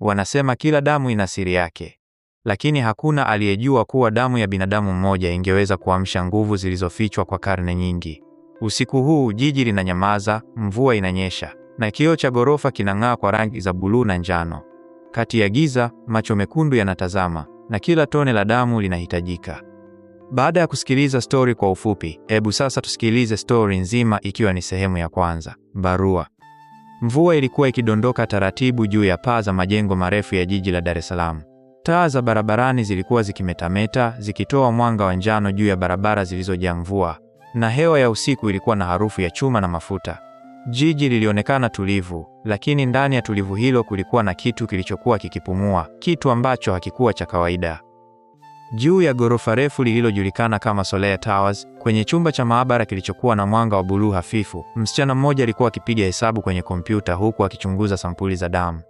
Wanasema kila damu ina siri yake, lakini hakuna aliyejua kuwa damu ya binadamu mmoja ingeweza kuamsha nguvu zilizofichwa kwa karne nyingi. Usiku huu jiji linanyamaza, mvua inanyesha na kioo cha ghorofa kinang'aa kwa rangi za buluu na njano. Kati ya giza, macho mekundu yanatazama na kila tone la damu linahitajika. Baada ya kusikiliza stori kwa ufupi, hebu sasa tusikilize stori nzima ikiwa ni sehemu ya kwanza. Barua. Mvua ilikuwa ikidondoka taratibu juu ya paa za majengo marefu ya jiji la Dar es Salaam. Taa za barabarani zilikuwa zikimetameta, zikitoa mwanga wa njano juu ya barabara zilizojaa mvua, na hewa ya usiku ilikuwa na harufu ya chuma na mafuta. Jiji lilionekana tulivu, lakini ndani ya tulivu hilo kulikuwa na kitu kilichokuwa kikipumua, kitu ambacho hakikuwa cha kawaida. Juu ya ghorofa refu lililojulikana kama Solea Towers, kwenye chumba cha maabara kilichokuwa na mwanga wa buluu hafifu, msichana mmoja alikuwa akipiga hesabu kwenye kompyuta huku akichunguza sampuli za damu.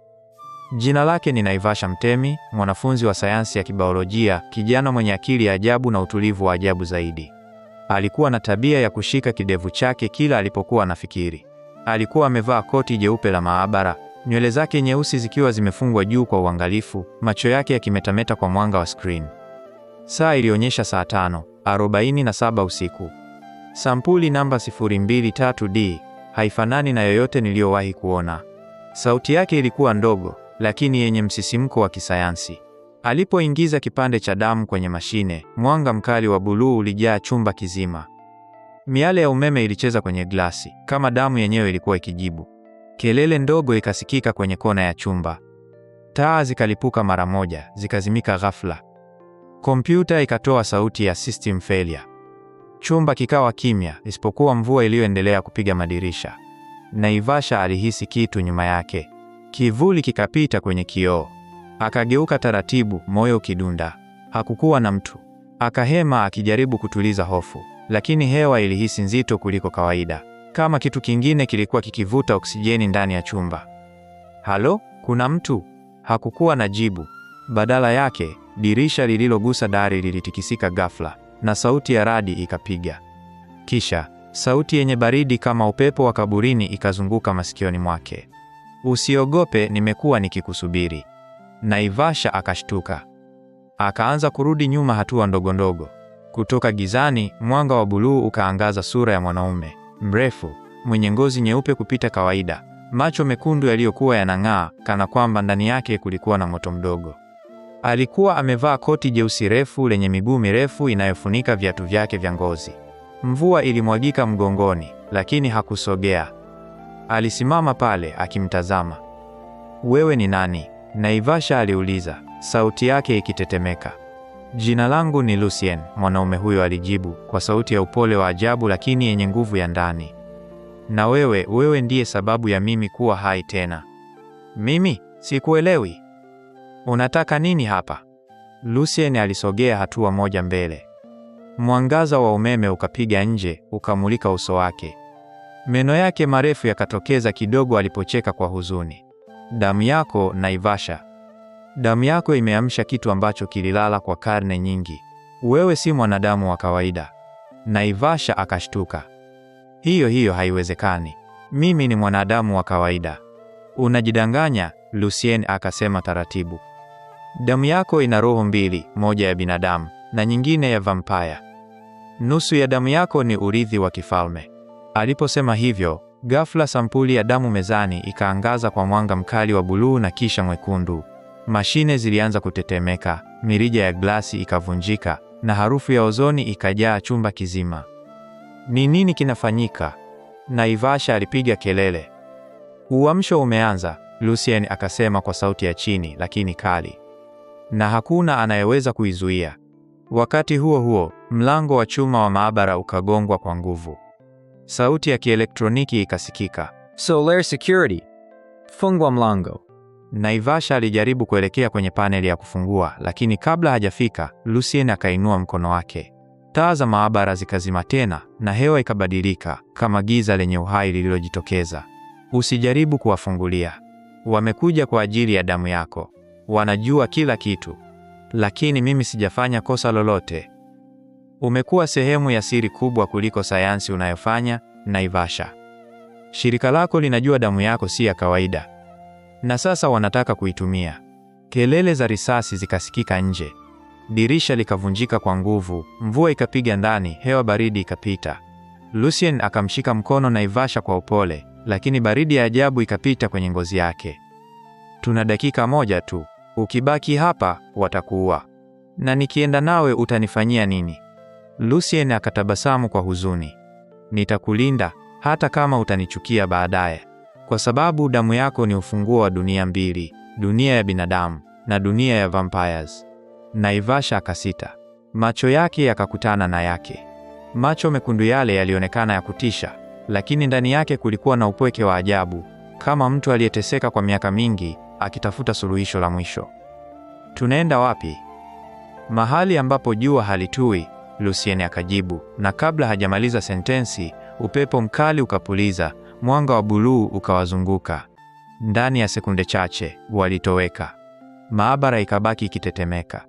Jina lake ni Naivasha Mtemi, mwanafunzi wa sayansi ya kibiolojia, kijana mwenye akili ya ajabu na utulivu wa ajabu zaidi. Alikuwa na tabia ya kushika kidevu chake kila alipokuwa anafikiri. Alikuwa amevaa koti jeupe la maabara, nywele zake nyeusi zikiwa zimefungwa juu kwa uangalifu, macho yake yakimetameta kwa mwanga wa skrini. Saa ilionyesha saa tano arobaini na saba usiku. Sampuli namba 023D haifanani na yoyote niliyowahi kuona. Sauti yake ilikuwa ndogo, lakini yenye msisimko wa kisayansi. Alipoingiza kipande cha damu kwenye mashine, mwanga mkali wa buluu ulijaa chumba kizima. Miale ya umeme ilicheza kwenye glasi kama damu yenyewe ilikuwa ikijibu. Kelele ndogo ikasikika kwenye kona ya chumba. Taa zikalipuka mara moja, zikazimika ghafla. Kompyuta ikatoa sauti ya system failure. Chumba kikawa kimya isipokuwa mvua iliyoendelea kupiga madirisha. Naivasha alihisi kitu nyuma yake, kivuli kikapita kwenye kioo. Akageuka taratibu, moyo ukidunda. Hakukuwa na mtu. Akahema akijaribu kutuliza hofu, lakini hewa ilihisi nzito kuliko kawaida, kama kitu kingine kilikuwa kikivuta oksijeni ndani ya chumba. Halo, kuna mtu? Hakukuwa na jibu. Badala yake, dirisha lililogusa dari lilitikisika ghafla na sauti ya radi ikapiga. Kisha sauti yenye baridi kama upepo wa kaburini ikazunguka masikioni mwake. Usiogope, nimekuwa nikikusubiri. Naivasha akashtuka, akaanza kurudi nyuma hatua ndogo ndogo. Kutoka gizani, mwanga wa buluu ukaangaza sura ya mwanaume mrefu mwenye ngozi nyeupe kupita kawaida, macho mekundu yaliyokuwa yanang'aa kana kwamba ndani yake kulikuwa na moto mdogo. Alikuwa amevaa koti jeusi refu lenye miguu mirefu inayofunika viatu vyake vya ngozi. Mvua ilimwagika mgongoni, lakini hakusogea. Alisimama pale akimtazama. Wewe ni nani? Naivasha aliuliza, sauti yake ikitetemeka. Jina langu ni Lucien, mwanaume huyo alijibu kwa sauti ya upole wa ajabu lakini yenye nguvu ya ndani. Na wewe, wewe ndiye sababu ya mimi kuwa hai tena. Mimi sikuelewi, Unataka nini hapa? Lucien alisogea hatua moja mbele. Mwangaza wa umeme ukapiga nje, ukamulika uso wake. Meno yake marefu yakatokeza kidogo alipocheka kwa huzuni. Damu yako Naivasha, damu yako imeamsha kitu ambacho kililala kwa karne nyingi. Wewe si mwanadamu wa kawaida. Naivasha akashtuka. Hiyo hiyo haiwezekani, mimi ni mwanadamu wa kawaida. Unajidanganya, Lucien akasema taratibu. Damu yako ina roho mbili, moja ya binadamu na nyingine ya vampaya. Nusu ya damu yako ni urithi wa kifalme. Aliposema hivyo, ghafla sampuli ya damu mezani ikaangaza kwa mwanga mkali wa buluu na kisha mwekundu. Mashine zilianza kutetemeka, mirija ya glasi ikavunjika na harufu ya ozoni ikajaa chumba kizima. Ni nini kinafanyika? Naivasha alipiga kelele. Uamsho umeanza, Lucien akasema kwa sauti ya chini lakini kali na hakuna anayeweza kuizuia. Wakati huo huo, mlango wa chuma wa maabara ukagongwa kwa nguvu. Sauti ya kielektroniki ikasikika, Solar Security, fungwa mlango. Naivasha alijaribu kuelekea kwenye paneli ya kufungua, lakini kabla hajafika, Lucien akainua mkono wake. Taa za maabara zikazima tena na hewa ikabadilika kama giza lenye uhai lililojitokeza. Usijaribu kuwafungulia, wamekuja kwa ajili ya damu yako wanajua kila kitu, lakini mimi sijafanya kosa lolote. Umekuwa sehemu ya siri kubwa kuliko sayansi unayofanya Naivasha. Shirika lako linajua damu yako si ya kawaida, na sasa wanataka kuitumia. Kelele za risasi zikasikika nje, dirisha likavunjika kwa nguvu, mvua ikapiga ndani, hewa baridi ikapita. Lucien akamshika mkono Naivasha kwa upole, lakini baridi ya ajabu ikapita kwenye ngozi yake. Tuna dakika moja tu, Ukibaki hapa watakuua, na nikienda nawe utanifanyia nini? Lucien akatabasamu kwa huzuni. Nitakulinda hata kama utanichukia baadaye, kwa sababu damu yako ni ufunguo wa dunia mbili, dunia ya binadamu na dunia ya vampires. Naivasha akasita, macho yake yakakutana na yake. Macho mekundu yale yalionekana ya kutisha, lakini ndani yake kulikuwa na upweke wa ajabu, kama mtu aliyeteseka kwa miaka mingi akitafuta suluhisho la mwisho. Tunaenda wapi? Mahali ambapo jua halitui, Lucien akajibu, na kabla hajamaliza sentensi, upepo mkali ukapuliza, mwanga wa buluu ukawazunguka. Ndani ya sekunde chache walitoweka. Maabara ikabaki ikitetemeka.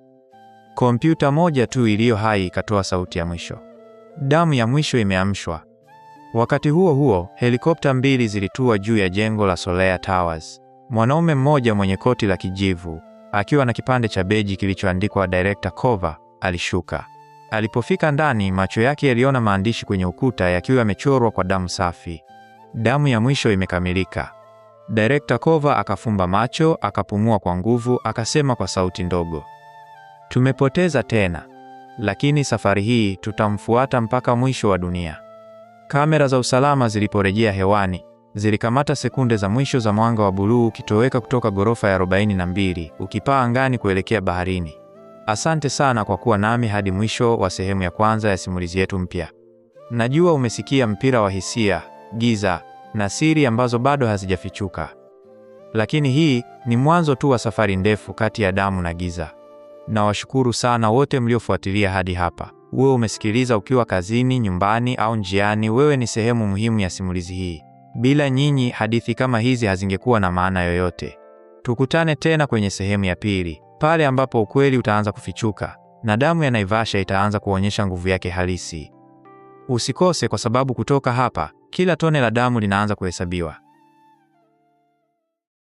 Kompyuta moja tu iliyo hai ikatoa sauti ya mwisho, damu ya mwisho imeamshwa. Wakati huo huo, helikopta mbili zilitua juu ya jengo la Solea Towers. Mwanaume mmoja mwenye koti la kijivu akiwa na kipande cha beji kilichoandikwa director kova alishuka. Alipofika ndani, macho yake yaliona maandishi kwenye ukuta yakiwa yamechorwa kwa damu safi. Damu ya mwisho imekamilika. Director kova akafumba macho, akapumua kwa nguvu, akasema kwa sauti ndogo, tumepoteza tena, lakini safari hii tutamfuata mpaka mwisho wa dunia. Kamera za usalama ziliporejea hewani, zilikamata sekunde za mwisho za mwanga wa buluu ukitoweka kutoka ghorofa ya 42 ukipaa angani kuelekea baharini. Asante sana kwa kuwa nami hadi mwisho wa sehemu ya kwanza ya simulizi yetu mpya. Najua umesikia mpira wa hisia, giza na siri ambazo bado hazijafichuka, lakini hii ni mwanzo tu wa safari ndefu kati ya damu na giza. Nawashukuru sana wote mliofuatilia hadi hapa. Wewe umesikiliza ukiwa kazini, nyumbani au njiani, wewe ni sehemu muhimu ya simulizi hii. Bila nyinyi hadithi kama hizi hazingekuwa na maana yoyote. Tukutane tena kwenye sehemu ya pili, pale ambapo ukweli utaanza kufichuka na damu ya Naivasha itaanza kuonyesha nguvu yake halisi. Usikose kwa sababu kutoka hapa kila tone la damu linaanza kuhesabiwa.